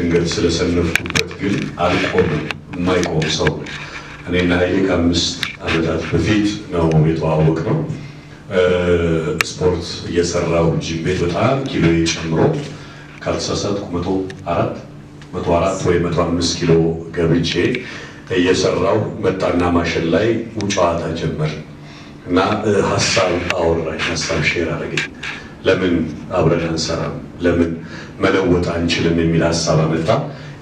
ድንገት ስለሰነፍኩበት ግን አልቆምም። የማይቆም ሰው እኔና ሀይሌ ከአምስት ዓመታት በፊት ነው የተዋወቅ ነው። ስፖርት እየሰራው ጂም ቤት በጣም ኪሎ ጨምሮ ካልተሳሳትኩ መቶ አራት መቶ አራት ወይ መቶ አምስት ኪሎ ገብቼ እየሰራው መጣና ማሸን ላይ ጨዋታ ጀመር እና ሀሳብ አወራኝ፣ ሀሳብ ሼር አደረገኝ ለምን አብረን አንሰራም፣ ለምን መለወጥ አንችልም የሚል ሀሳብ አመጣ።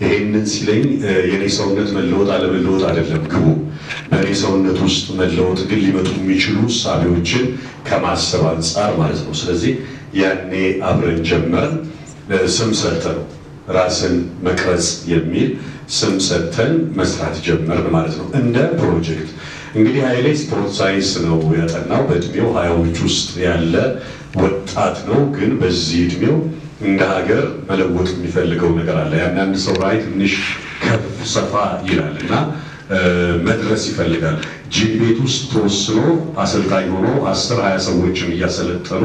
ይሄንን ሲለኝ የኔ ሰውነት መለወጥ አለመለወጥ አይደለም ግቡ። በእኔ ሰውነት ውስጥ መለወጥ ግን ሊመጡ የሚችሉ ሳቢዎችን ከማሰብ አንጻር ማለት ነው። ስለዚህ ያኔ አብረን ጀመርን። ስም ሰጠን፣ ራስን መቅረጽ የሚል ስም ሰጠን መስራት ጀመርን ማለት ነው እንደ ፕሮጀክት እንግዲህ ኃይሌ ስፖርት ሳይንስ ነው ያጠናው። በእድሜው ሀያዎች ውስጥ ያለ ወጣት ነው። ግን በዚህ እድሜው እንደ ሀገር መለወጥ የሚፈልገው ነገር አለ። የአንዳንድ ሰው ራይ ትንሽ ከፍ ሰፋ ይላል እና መድረስ ይፈልጋል። ጂም ቤት ውስጥ ተወስኖ አሰልጣኝ ሆኖ አስር ሀያ ሰዎችን እያሰለጠኑ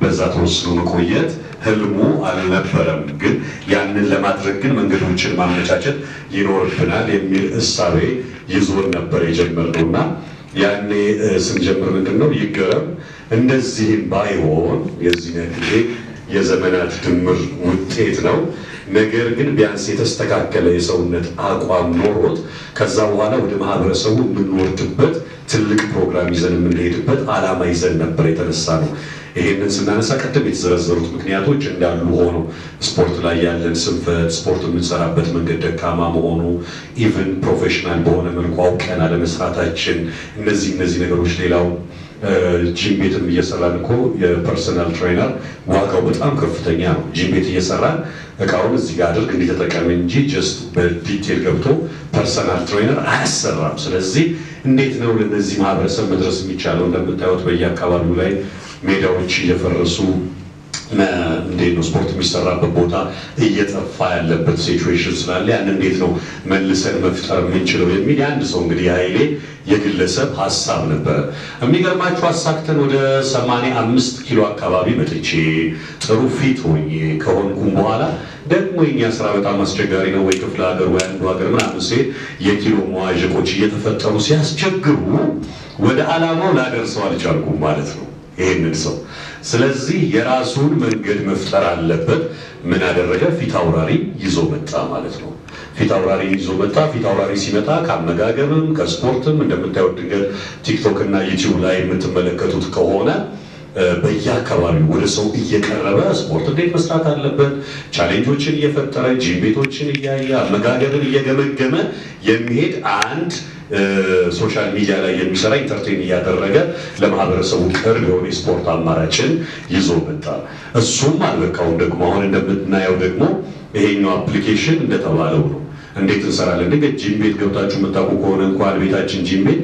በዛ ተወስኖ መቆየት ህልሙ አልነበረም። ግን ያንን ለማድረግ ግን መንገዶችን ማመቻቸት ይኖርብናል የሚል እሳቤ ይዞን ነበር የጀመርነው እና ያኔ ስንጀምር ምንድን ነው ይገረም እንደዚህም ባይሆን የዚህ ጊዜ የዘመናት ድምር ውጤት ነው። ነገር ግን ቢያንስ የተስተካከለ የሰውነት አቋም ኖሮት ከዛ በኋላ ወደ ማህበረሰቡ የምንወርድበት ትልቅ ፕሮግራም ይዘን የምንሄድበት አላማ ይዘን ነበር የተነሳ ነው። ይህንን ስናነሳ ቀደም የተዘረዘሩት ምክንያቶች እንዳሉ ሆኖ ስፖርት ላይ ያለን ስንፈት፣ ስፖርት የምንሰራበት መንገድ ደካማ መሆኑ፣ ኢቨን ፕሮፌሽናል በሆነ መልኩ አውቀን አለመስራታችን፣ እነዚህ እነዚህ ነገሮች ሌላው ጂም ቤትም እየሰራን እኮ የፐርሰናል ትሬነር ዋጋው በጣም ከፍተኛ ነው። ጂም ቤት እየሰራን እቃውን እዚህ ጋር አድርግ እንዲተጠቀም እንጂ ጀስት በዲቴል ገብቶ ፐርሰናል ትሬነር አያሰራም። ስለዚህ እንዴት ነው ለነዚህ ማህበረሰብ መድረስ የሚቻለው? እንደምታዩት በየአካባቢው ላይ ሜዳዎች እየፈረሱ እንዴት ነው ስፖርት የሚሰራበት ቦታ እየጠፋ ያለበት ሲቹዌሽን ስላለ ያን እንዴት ነው መልሰን መፍጠር የምንችለው የሚል የአንድ ሰው እንግዲህ የኃይሌ የግለሰብ ሀሳብ ነበረ። የሚገርማችሁ አሳክተን ወደ አምስት ኪሎ አካባቢ መጥቼ ጥሩ ፊት ሆኜ ከሆንኩም በኋላ ደግሞ የኛ ስራ በጣም አስቸጋሪ ነው ወይ ክፍለ ሀገር ወይ አንዱ ሀገር ምናምን ሲሄድ የኪሎ መዋዠቆች እየተፈጠሩ ሲያስቸግሩ ወደ አላማው ላደርሰው አልቻልኩም ማለት ነው ይህንን ሰው ስለዚህ የራሱን መንገድ መፍጠር አለበት። ምን አደረገ? ፊት አውራሪ ይዞ መጣ ማለት ነው። ፊት አውራሪ ይዞ መጣ። ፊት አውራሪ ሲመጣ ከአመጋገብም ከስፖርትም እንደምታዩት ድንገት ቲክቶክ እና ዩቲዩብ ላይ የምትመለከቱት ከሆነ በየአካባቢው ወደ ሰው እየቀረበ ስፖርት እንዴት መስራት አለበት፣ ቻሌንጆችን እየፈጠረ ጂም ቤቶችን እያየ አመጋገብን እየገመገመ የሚሄድ አንድ ሶሻል ሚዲያ ላይ የሚሰራ ኢንተርቴን እያደረገ ለማህበረሰቡ ቅርብ የሆነ የስፖርት አማራጭን ይዞ መጣ። እሱም አልበቃውም ደግሞ አሁን እንደምናየው ደግሞ ይሄኛው አፕሊኬሽን እንደተባለው ነው። እንዴት እንሰራለን? ጂም ቤት ገብታችሁ የምታውቁ ከሆነ እንኳን ቤታችን ጂም ቤት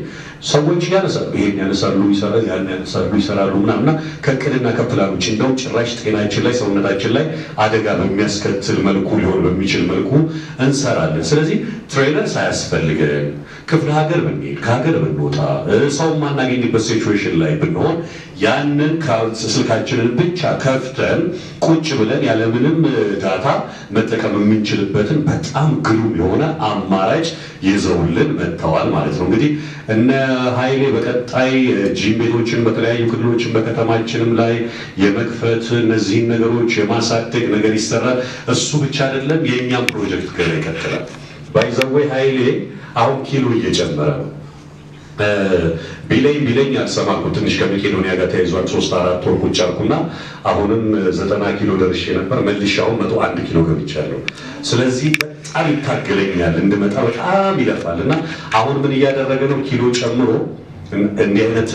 ሰዎች ያነሳሉ፣ ይሄን ያነሳሉ፣ ያን ያነሳሉ፣ ይሰራሉ ምናምና ከእቅድና ከፕላን እንደው ጭራሽ ጤናችን ላይ ሰውነታችን ላይ አደጋ በሚያስከትል መልኩ ሊሆን በሚችል መልኩ እንሰራለን። ስለዚህ ትሬነር ሳያስፈልገን ክፍለ ሀገር ብንሄድ ከሀገር ብንወጣ ሰው ማናገኝበት ሲቹዌሽን ላይ ብንሆን ያንን ስልካችንን ብቻ ከፍተን ቁጭ ብለን ያለምንም ዳታ መጠቀም የምንችልበትን በጣም ግሩም የሆነ አማራጭ ይዘውልን መጥተዋል ማለት ነው እንግዲህ እነ ኃይሌ በቀጣይ ጂም ቤቶችን በተለያዩ ክልሎችን በከተማችንም ላይ የመክፈት እነዚህን ነገሮች የማሳደግ ነገር ይሰራል። እሱ ብቻ አይደለም፣ የእኛም ፕሮጀክት ገና ይቀጥላል። ባይዘወይ ኃይሌ አሁን ኪሎ እየጨመረ ነው። ቢለኝ ቢለኝ አልሰማኩ ትንሽ ከመቄዶኒያ ጋር ተያይዟል። ሶስት አራት ወር ቁጭ አልኩና አሁንም ዘጠና ኪሎ ደርሼ ነበር መልሻውን መቶ አንድ ኪሎ ገብቻለሁ። ስለዚህ በጣም ይታገለኛል፣ እንድመጣ በጣም ይለፋል። እና አሁን ምን እያደረገ ነው? ኪሎ ጨምሮ እንዲህ አይነት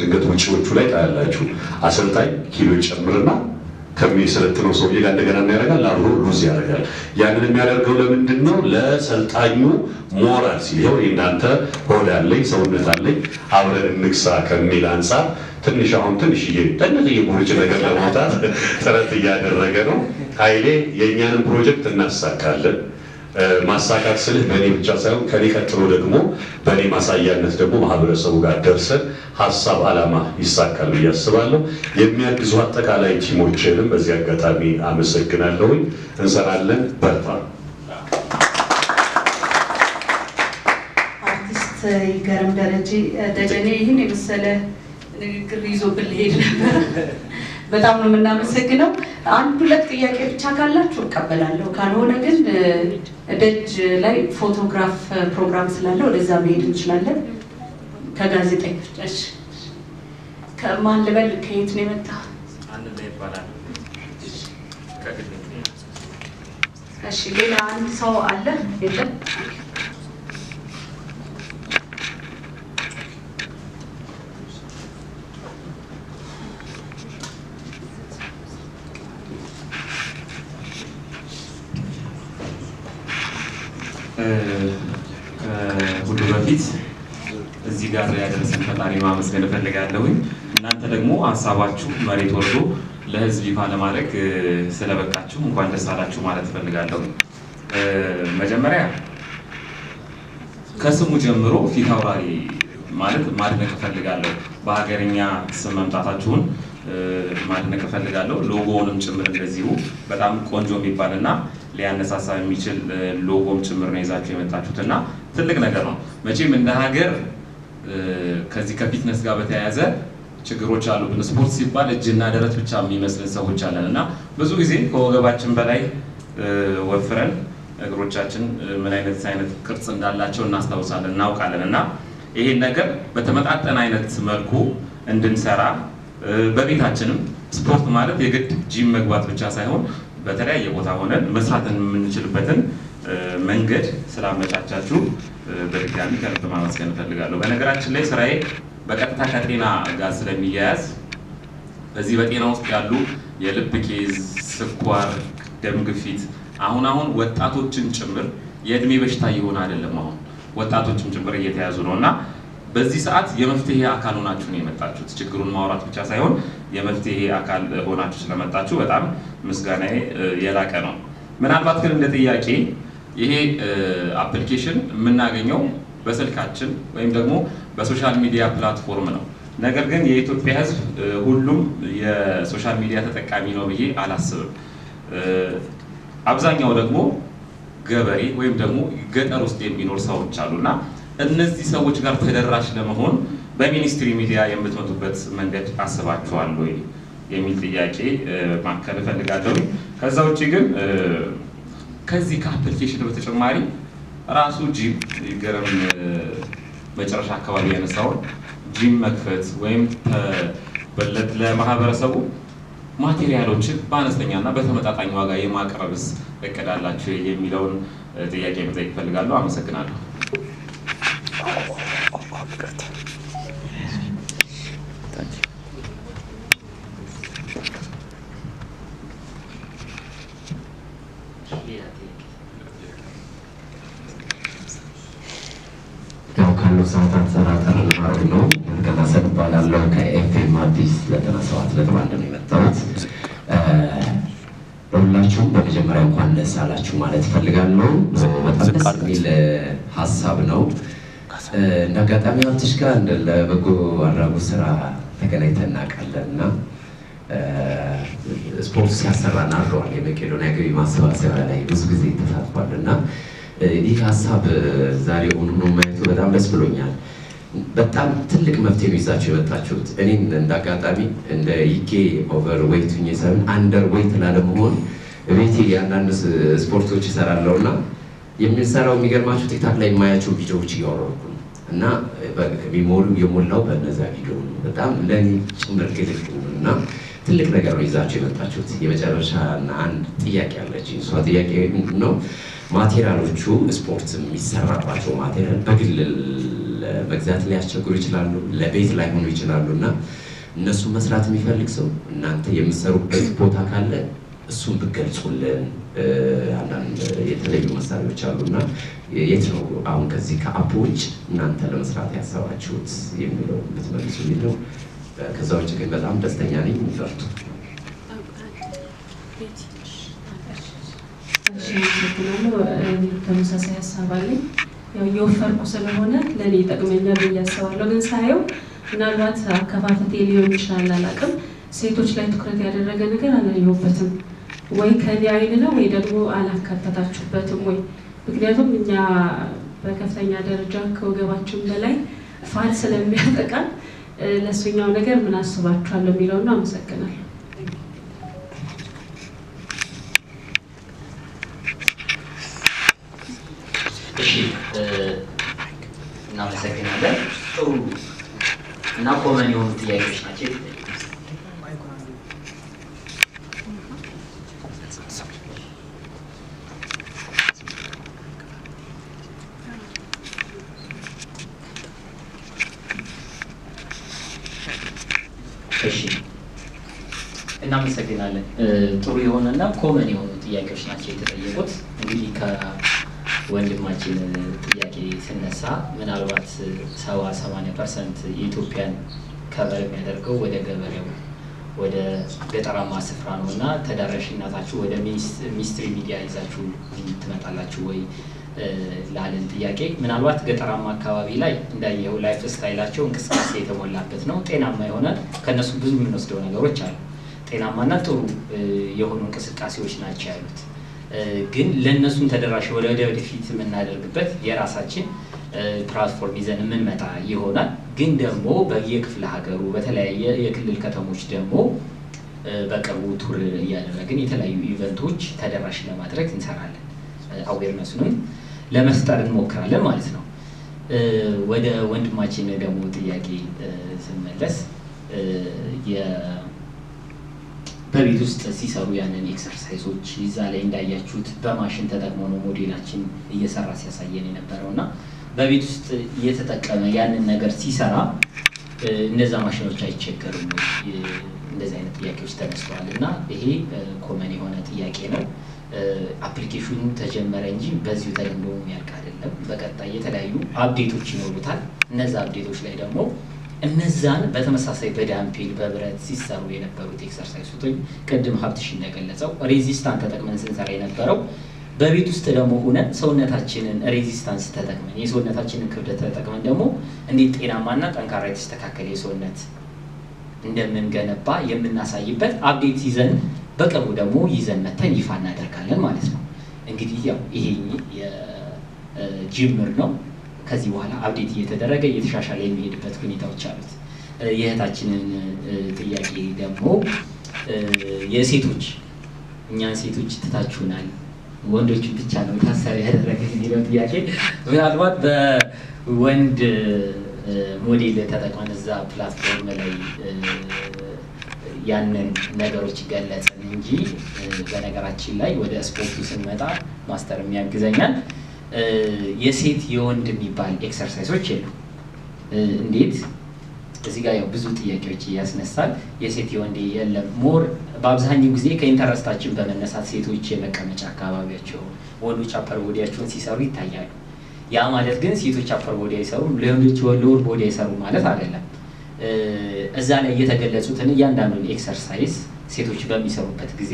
ድንገት ውጪዎቹ ላይ ታያላችሁ። አሰልጣኝ ኪሎ ጨምርና ከሚሰለጥነው ሰው ጋር እንደገና ያደርጋል፣ አብሮ ሉዝ ያደርጋል። ያንን የሚያደርገው ለምንድን ነው? ለሰልጣኙ ሞራል ሲል ይኸው እናንተ ሆድ አለኝ ሰውነት አለኝ አብረን እንግሳ ከሚል አንጻር ትንሽ አሁን ትንሽዬ ትንሽዬ ቦርጭ ነገር ለማውጣት ጥረት እያደረገ ነው። ኃይሌ የእኛንም ፕሮጀክት እናሳካለን። ማሳካት ስልህ በእኔ ብቻ ሳይሆን ከኔ ቀጥሎ ደግሞ በእኔ ማሳያነት ደግሞ ማህበረሰቡ ጋር ደርሰን ሀሳብ አላማ ይሳካል ብዬ አስባለሁ። የሚያግዙ አጠቃላይ ቲሞችንም በዚህ አጋጣሚ አመሰግናለሁኝ። እንሰራለን፣ በርታ። አርቲስት ይገርም ደረጀ ደጀኔ ይህን የመሰለ ንግግር ይዞ ብልሄድ ነበር። በጣም ነው የምናመሰግነው። አንድ ሁለት ጥያቄ ብቻ ካላችሁ እቀበላለሁ፣ ካልሆነ ግን ደጅ ላይ ፎቶግራፍ ፕሮግራም ስላለ ወደዛ መሄድ እንችላለን። ከጋዜጠኞች ከማን ልበል? ከየት ነው የመጣ? እሺ ሌላ አንድ ሰው አለ የለም? ፈጣሪ ማመስገን እፈልጋለሁኝ። እናንተ ደግሞ ሀሳባችሁ መሬት ወርዶ ለህዝብ ይፋ ለማድረግ ስለበቃችሁ እንኳን ደስ አላችሁ ማለት እፈልጋለሁ። መጀመሪያ ከስሙ ጀምሮ ፊት አውራሪ ማለት ማድነቅ እፈልጋለሁ። በሀገርኛ ስም መምጣታችሁን ማድነቅ እፈልጋለሁ። ሎጎውንም ጭምር እንደዚሁ በጣም ቆንጆ የሚባል እና ሊያነሳሳ የሚችል ሎጎም ጭምር ነው ይዛችሁ የመጣችሁት እና ትልቅ ነገር ነው መቼም እንደ ሀገር ከዚህ ከፊትነስ ጋር በተያያዘ ችግሮች አሉብን። ስፖርት ሲባል እጅና ደረት ብቻ የሚመስልን ሰዎች አለን እና ብዙ ጊዜ ከወገባችን በላይ ወፍረን እግሮቻችን ምን አይነት አይነት ቅርጽ እንዳላቸው እናስታውሳለን እናውቃለን። እና ይሄን ነገር በተመጣጠነ አይነት መልኩ እንድንሰራ በቤታችንም ስፖርት ማለት የግድ ጂም መግባት ብቻ ሳይሆን በተለያየ ቦታ ሆነን መስራት የምንችልበትን መንገድ ስላመቻቻችሁ በድጋሚ ከልብ ማመስገን እፈልጋለሁ። በነገራችን ላይ ስራዬ በቀጥታ ከጤና ጋር ስለሚያያዝ በዚህ በጤና ውስጥ ያሉ የልብ ኬዝ፣ ስኳር፣ ደም ግፊት አሁን አሁን ወጣቶችን ጭምር የእድሜ በሽታ እየሆነ አይደለም፣ አሁን ወጣቶችን ጭምር እየተያዙ ነው እና በዚህ ሰዓት የመፍትሄ አካል ሆናችሁ ነው የመጣችሁት። ችግሩን ማውራት ብቻ ሳይሆን የመፍትሄ አካል ሆናችሁ ስለመጣችሁ በጣም ምስጋናዬ የላቀ ነው። ምናልባት ግን እንደ ጥያቄ ይሄ አፕሊኬሽን የምናገኘው በስልካችን ወይም ደግሞ በሶሻል ሚዲያ ፕላትፎርም ነው። ነገር ግን የኢትዮጵያ ሕዝብ ሁሉም የሶሻል ሚዲያ ተጠቃሚ ነው ብዬ አላስብም። አብዛኛው ደግሞ ገበሬ ወይም ደግሞ ገጠር ውስጥ የሚኖር ሰዎች እና እነዚህ ሰዎች ጋር ተደራሽ ለመሆን በሚኒስትሪ ሚዲያ የምትመጡበት መንገድ አስባችኋል ወይ የሚል ጥያቄ ማከል እፈልጋለሁ። ከዛ ውጭ ግን ከዚህ ከአፕሊኬሽን በተጨማሪ ራሱ ጂም ገረም መጨረሻ አካባቢ ያነሳውን ጂም መክፈት ወይም ለማህበረሰቡ ማቴሪያሎችን በአነስተኛና በተመጣጣኝ ዋጋ የማቅረብስ እቅድ የሚለውን ጥያቄ መጠየቅ እፈልጋለሁ። አመሰግናለሁ። ያው ካለው ሰዓት አንሰራ ጠር ማድረግ ነው። የተቀላሰት ባላለው ከኤፍኤም አዲስ ዘጠና ሰባት ነጥብ አንድ ነው የመጣሁት። ለሁላችሁም በመጀመሪያ እንኳን ደስ አላችሁ ማለት እፈልጋለሁ። በጣም ደስ የሚል ሀሳብ ነው። እንደ አጋጣሚ ሀብትሽ ጋር ለበጎ አድራጎት ስራ ተገናኝተን እናውቃለን እና ስፖርት ሲያሰራን አድሯል። የመቄዶንያ ገቢ ማሰባሰቢያ ላይ ብዙ ጊዜ ተሳትፏል እና ይህ ሀሳብ ዛሬ ሆኖ ማየቱ በጣም ደስ ብሎኛል። በጣም ትልቅ መፍትሄ ነው ይዛችሁ የመጣችሁት። እኔም እንደ አጋጣሚ እንደ ይኬ ኦቨር ዌይት ሁኜ ሳይሆን አንደር ዌይት ላለመሆን ቤቴ የአንዳንድ ስፖርቶች ይሰራለሁ እና የሚሰራው የሚገርማችሁ ቲክታክ ላይ የማያቸው ቪዲዮዎች እያወረኩ ነው እና ሜሞሪው የሞላው በነዚያ ቪዲዮ ነው። በጣም ለእኔ ጭምር ግልግል ነው እና ትልቅ ነገር ነው ይዛችሁ የመጣችሁት። የመጨረሻና አንድ ጥያቄ አለች። እሷ ጥያቄ ነው ማቴሪያሎቹ ስፖርት የሚሰራባቸው ማቴሪያል በግል መግዛት ሊያስቸግሩ ይችላሉ፣ ለቤት ላይሆኑ ይችላሉ እና እነሱ መስራት የሚፈልግ ሰው እናንተ የምትሰሩበት ቦታ ካለ እሱን ብገልጹልን። አንዳንድ የተለዩ መሳሪያዎች አሉና የት ነው አሁን ከዚህ ከአፕ ውጭ እናንተ ለመስራት ያሰባችሁት የሚለው ብትመልሱ የሚለው ከዛ ውጭ ግን በጣም ደስተኛ ነኝ። ይፈርቱ ተመሳሳይ ሀሳብ አለኝ። ያው እየወፈርኩ ስለሆነ ለእኔ ይጠቅመኛል ብዬ አስባለሁ። ግን ሳየው ምናልባት አከፋፈቴ ሊሆን ይችላል አላውቅም፣ ሴቶች ላይ ትኩረት ያደረገ ነገር አላየሁበትም ወይ ከኔ አይን ነው ወይ ደግሞ አላካተታችሁበትም ወይ ምክንያቱም እኛ በከፍተኛ ደረጃ ከወገባችን በላይ ፋል ስለሚያጠቃል ለእሱኛው ነገር ምን አስባችኋለሁ የሚለው ነው። አመሰግናለሁ። እናመሰግናለን። ጥሩ እና ኮመን የሆኑ ጥያቄዎች ናቸው። እሺ እናመሰግናለን። ጥሩ የሆነና ኮመን የሆኑ ጥያቄዎች ናቸው የተጠየቁት። እንግዲህ ከወንድማችን ጥያቄ ስነሳ ምናልባት ሰባ ሰማንያ ፐርሰንት የኢትዮጵያን ከበር የሚያደርገው ወደ ገበሬው ወደ ገጠራማ ስፍራ ነው እና ተዳራሽነታችሁ ወደ ሚኒስትሪ ሚዲያ ይዛችሁ ትመጣላችሁ ወይ ለአለን ጥያቄ ምናልባት ገጠራማ አካባቢ ላይ እንዳየው ላይፍ ስታይላቸው እንቅስቃሴ የተሞላበት ነው። ጤናማ የሆነ ከእነሱ ብዙ የምንወስደው ነገሮች አሉ። ጤናማና ጥሩ የሆኑ እንቅስቃሴዎች ናቸው ያሉት። ግን ለእነሱም ተደራሽ ወደ ወደፊት የምናደርግበት የራሳችን ፕላትፎርም ይዘን የምንመጣ ይሆናል። ግን ደግሞ በየክፍለ ሀገሩ በተለያየ የክልል ከተሞች ደግሞ በቅርቡ ቱር እያደረግን የተለያዩ ኢቨንቶች ተደራሽ ለማድረግ እንሰራለን። አዌርነሱንም ለመፍጠር እንሞክራለን ማለት ነው። ወደ ወንድማችን ደግሞ ጥያቄ ስንመለስ በቤት ውስጥ ሲሰሩ ያንን ኤክሰርሳይዞች እዛ ላይ እንዳያችሁት በማሽን ተጠቅሞ ነው ሞዴላችን እየሰራ ሲያሳየን የነበረው እና በቤት ውስጥ እየተጠቀመ ያንን ነገር ሲሰራ እነዛ ማሽኖች አይቸገሩም? እንደዚህ አይነት ጥያቄዎች ተነስተዋል እና ይሄ ኮመን የሆነ ጥያቄ ነው። አፕሊኬሽኑ ተጀመረ እንጂ በዚሁ ተለምዶ የሚያልቅ አይደለም። በቀጣይ የተለያዩ አብዴቶች ይኖሩታል። እነዛ አብዴቶች ላይ ደግሞ እነዛን በተመሳሳይ በዳምፔል በብረት ሲሰሩ የነበሩት ኤክሰርሳይሶች ቅድም ሀብትሽ እንደገለጸው ሬዚስታንት ተጠቅመን ስንሰራ የነበረው በቤት ውስጥ ደግሞ ሆነን ሰውነታችንን ሬዚስታንስ ተጠቅመን የሰውነታችንን ክብደት ተጠቅመን ደግሞ እንዴት ጤናማና ጠንካራ የተስተካከለ የሰውነት እንደምንገነባ የምናሳይበት አፕዴት ይዘን በቅርቡ ደግሞ ይዘን መተን ይፋ እናደርጋለን ማለት ነው። እንግዲህ ያው ይሄ የጅምር ነው። ከዚህ በኋላ አፕዴት እየተደረገ እየተሻሻለ የሚሄድበት ሁኔታዎች አሉት። የእህታችንን ጥያቄ ደግሞ የሴቶች እኛን ሴቶች ትታችሁናል ወንዶችን ብቻ ነው ታሳቢ ያደረገ የሚለው ጥያቄ ምናልባት በወንድ ሞዴል ተጠቅመን እዛ ፕላትፎርም ላይ ያንን ነገሮች ገለጽን እንጂ በነገራችን ላይ ወደ ስፖርቱ ስንመጣ ማስተር የሚያግዘኛል የሴት የወንድ የሚባል ኤክሰርሳይሶች የሉ። እንዴት እዚህ ጋር ያው ብዙ ጥያቄዎች ያስነሳል። የሴት የወንድ የለም ሞር በአብዛኛው ጊዜ ከኢንተረስታችን በመነሳት ሴቶች የመቀመጫ አካባቢያቸው፣ ወንዶች አፐር ቦዲያቸውን ሲሰሩ ይታያሉ። ያ ማለት ግን ሴቶች አፐር ቦዲያ ይሰሩ ለወንዶች ሎወር ቦዲያ ይሰሩ ማለት አይደለም። እዛ ላይ የተገለጹትን እያንዳንዱን ኤክሰርሳይዝ ሴቶች በሚሰሩበት ጊዜ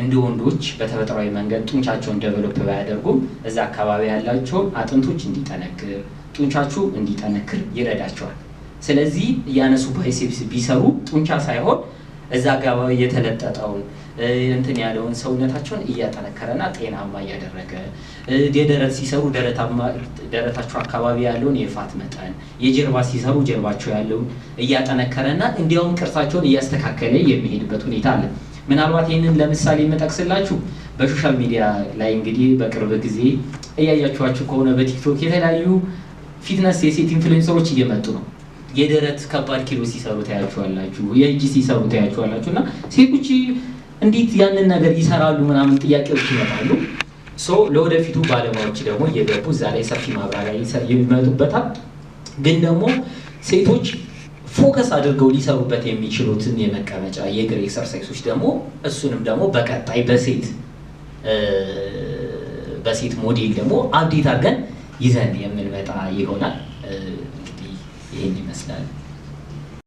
እንደ ወንዶች በተፈጥሯዊ መንገድ ጡንቻቸውን ደቨሎፕ ባያደርጉም እዛ አካባቢ ያላቸውን አጥንቶች እንዲጠነክር ጡንቻችሁ እንዲጠነክር ይረዳቸዋል። ስለዚህ እያነሱ ባይሴፕስ ቢሰሩ ጡንቻ ሳይሆን እዛ አካባቢ የተለጠጠውን እንትን ያለውን ሰውነታቸውን እያጠነከረና ጤናማ እያደረገ የደረት ሲሰሩ ደረታቸው አካባቢ ያለውን የፋት መጠን፣ የጀርባ ሲሰሩ ጀርባቸው ያለውን እያጠነከረና እንዲያውም ቅርሳቸውን እያስተካከለ የሚሄድበት ሁኔታ አለ። ምናልባት ይህንን ለምሳሌ የምጠቅስላችሁ በሶሻል ሚዲያ ላይ እንግዲህ በቅርብ ጊዜ እያያችኋችሁ ከሆነ በቲክቶክ የተለያዩ ፊትነስ የሴት ኢንፍሉዌንሰሮች እየመጡ ነው። የደረት ከባድ ኪሎ ሲሰሩ ታያችኋላችሁ፣ የእጅ ሲሰሩ ታያችኋላችሁ። እና ሴቶች እንዴት ያንን ነገር ይሰራሉ ምናምን ጥያቄዎች ይመጣሉ። ለወደፊቱ ባለሙያዎች ደግሞ እየገቡ እዛ ላይ ሰፊ ማብራሪያ ይመጡበታል። ግን ደግሞ ሴቶች ፎከስ አድርገው ሊሰሩበት የሚችሉትን የመቀመጫ የእግር ኤክሰርሳይሶች ደግሞ እሱንም ደግሞ በቀጣይ በሴት በሴት ሞዴል ደግሞ አብዴት አድርገን ይዘን የምንመጣ ይሆናል። ይህን ይመስላል።